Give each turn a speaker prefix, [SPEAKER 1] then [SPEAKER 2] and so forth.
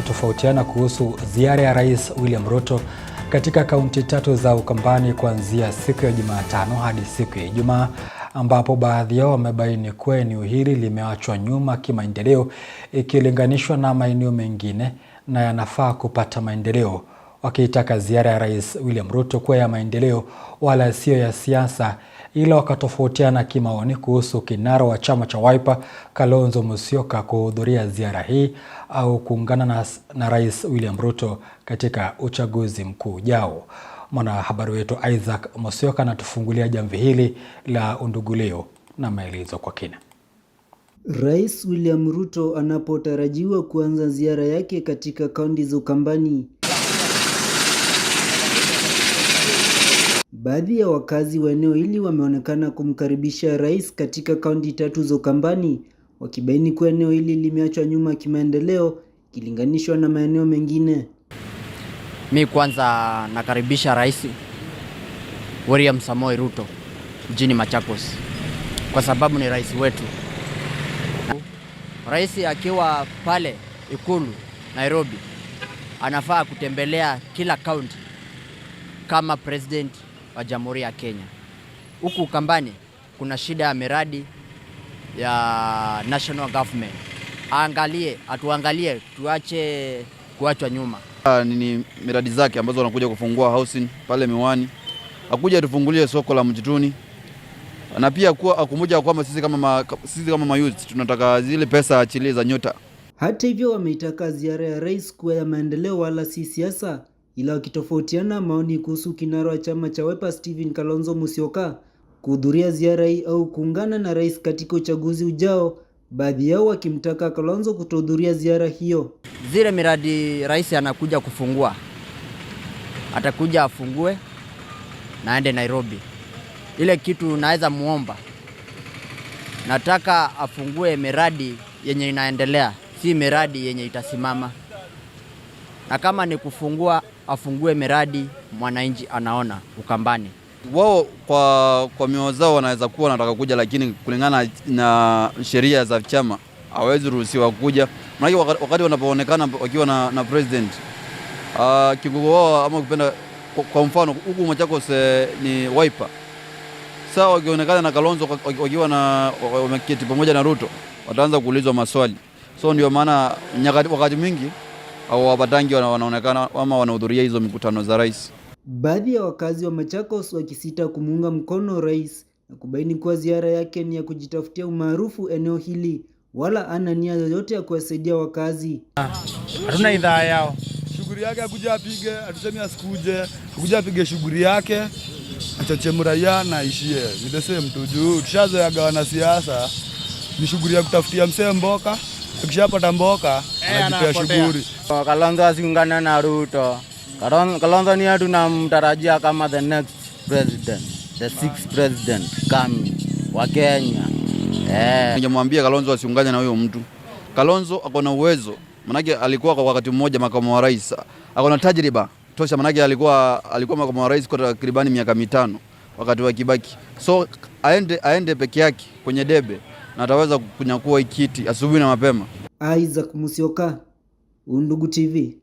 [SPEAKER 1] kutofautiana kuhusu ziara ya Rais William Ruto katika kaunti tatu za Ukambani kuanzia siku ya Jumatano hadi siku ya Ijumaa ambapo baadhi yao wamebaini kuwa eneo hili limeachwa nyuma kimaendeleo ikilinganishwa na maeneo mengine na yanafaa kupata maendeleo, wakiitaka ziara ya Rais William Ruto kuwa ya maendeleo wala siyo ya siasa ila wakatofautiana kimaoni kuhusu kinara wa chama cha Wiper Kalonzo Musyoka kuhudhuria ziara hii au kuungana na, na Rais William Ruto katika uchaguzi mkuu ujao. Mwanahabari wetu Isaac Musyoka anatufungulia jamvi hili la undugulio na maelezo kwa kina.
[SPEAKER 2] Rais William Ruto anapotarajiwa kuanza ziara yake katika kaunti za Ukambani Baadhi ya wakazi wa eneo hili wameonekana kumkaribisha rais katika kaunti tatu za Ukambani, wakibaini kuwa eneo hili limeachwa nyuma kimaendeleo ikilinganishwa na maeneo mengine.
[SPEAKER 3] Mi kwanza nakaribisha rais William Samoei Ruto mjini Machakos kwa sababu ni rais wetu. Rais akiwa pale Ikulu Nairobi anafaa kutembelea kila kaunti kama president wa Jamhuri ya Kenya. Huku Ukambani kuna shida ya miradi ya national government, aangalie, atuangalie, tuache kuachwa nyuma.
[SPEAKER 4] Ah, ni miradi zake ambazo wanakuja kufungua housing pale Miwani, akuja tufungulie soko la mjituni na pia akumuja kwamba sisi kama, ma, sisi kama mayuzi tunataka zile pesa achilie za nyota.
[SPEAKER 2] Hata hivyo wameitaka ziara ya rais kuwa ya maendeleo wala si siasa ila wakitofautiana maoni kuhusu kinara wa chama cha Wiper Steven Kalonzo Musyoka kuhudhuria ziara hii au kuungana na rais katika uchaguzi ujao, baadhi yao wakimtaka Kalonzo kutohudhuria ziara hiyo.
[SPEAKER 3] Zile miradi rais anakuja kufungua, atakuja afungue na aende Nairobi. Ile kitu naweza muomba, nataka afungue miradi yenye inaendelea, si miradi yenye itasimama na kama ni kufungua afungue miradi mwananchi anaona Ukambani.
[SPEAKER 4] Wao kwa, kwa mioyo zao wanaweza kuwa wanataka kuja, lakini kulingana na sheria za chama hawezi ruhusiwa kuja, maanake wakati wanapoonekana wakiwa na, na president uh, ah, kigogo wao ama kupenda kwa, kwa mfano huku Machakos ni Wiper saa wakionekana na Kalonzo wakiwa na wameketi pamoja na Ruto wataanza kuulizwa maswali, so ndio maana wakati mwingi au wapatangi wanaonekana ama wanahudhuria hizo mikutano za rais.
[SPEAKER 2] Baadhi ya wakazi wa Machakos wakisita kumuunga mkono rais na kubaini kuwa ziara yake ni ya kujitafutia umaarufu eneo hili, wala ana nia yoyote ya kuwasaidia wakazi.
[SPEAKER 5] Hatuna idhaa yao,
[SPEAKER 6] shughuli yake akuja apige, atusemi asikuje, akuja apige shughuli yake, achoche mraia na ishie Ni the same tu juu tushazoeaga wanasiasa, ni shughuli ya kutafutia msee mboka Akishapata mboka eh, anajipea shughuli.
[SPEAKER 7] Oh, Kalonzo asiungane na Ruto. Kalonzo na mtarajia kama the next president, the sixth president coming wa Kenya.
[SPEAKER 8] Eh. Ningemwambia Kalonzo asiungane na huyo mtu. Kalonzo ako na uwezo, manake alikuwa kwa wakati mmoja makamu wa rais, ako na tajriba tosha, manake alikuwa alikuwa makamu wa rais kwa takribani miaka mitano wakati wa Kibaki, so aende aende peke yake kwenye debe na ataweza kunyakua ikiti asubuhi na mapema.
[SPEAKER 2] Isaac Musioka, Undugu TV.